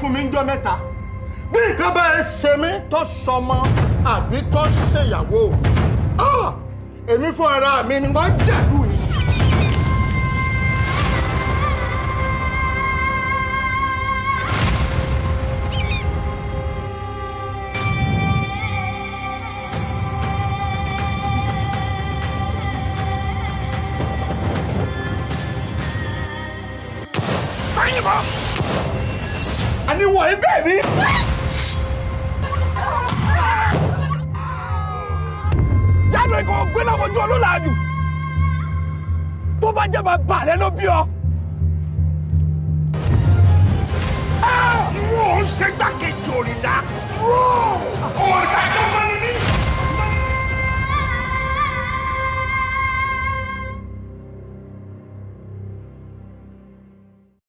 fún mi ń jọ́ mẹ́ta bí nǹkan bá ẹ ṣe mí tó sọmọ àbí tó ṣèyàwó ah, èmi fún ara mi ni wọ́n jẹ̀lú yìí. Bring him àníwọ̀ ẹ bẹ́ẹ̀ ni. jáde kò gbé láwọn ojú ọlọ́lá jù tó bá jẹ́ bàbá rẹ ló bí ọ.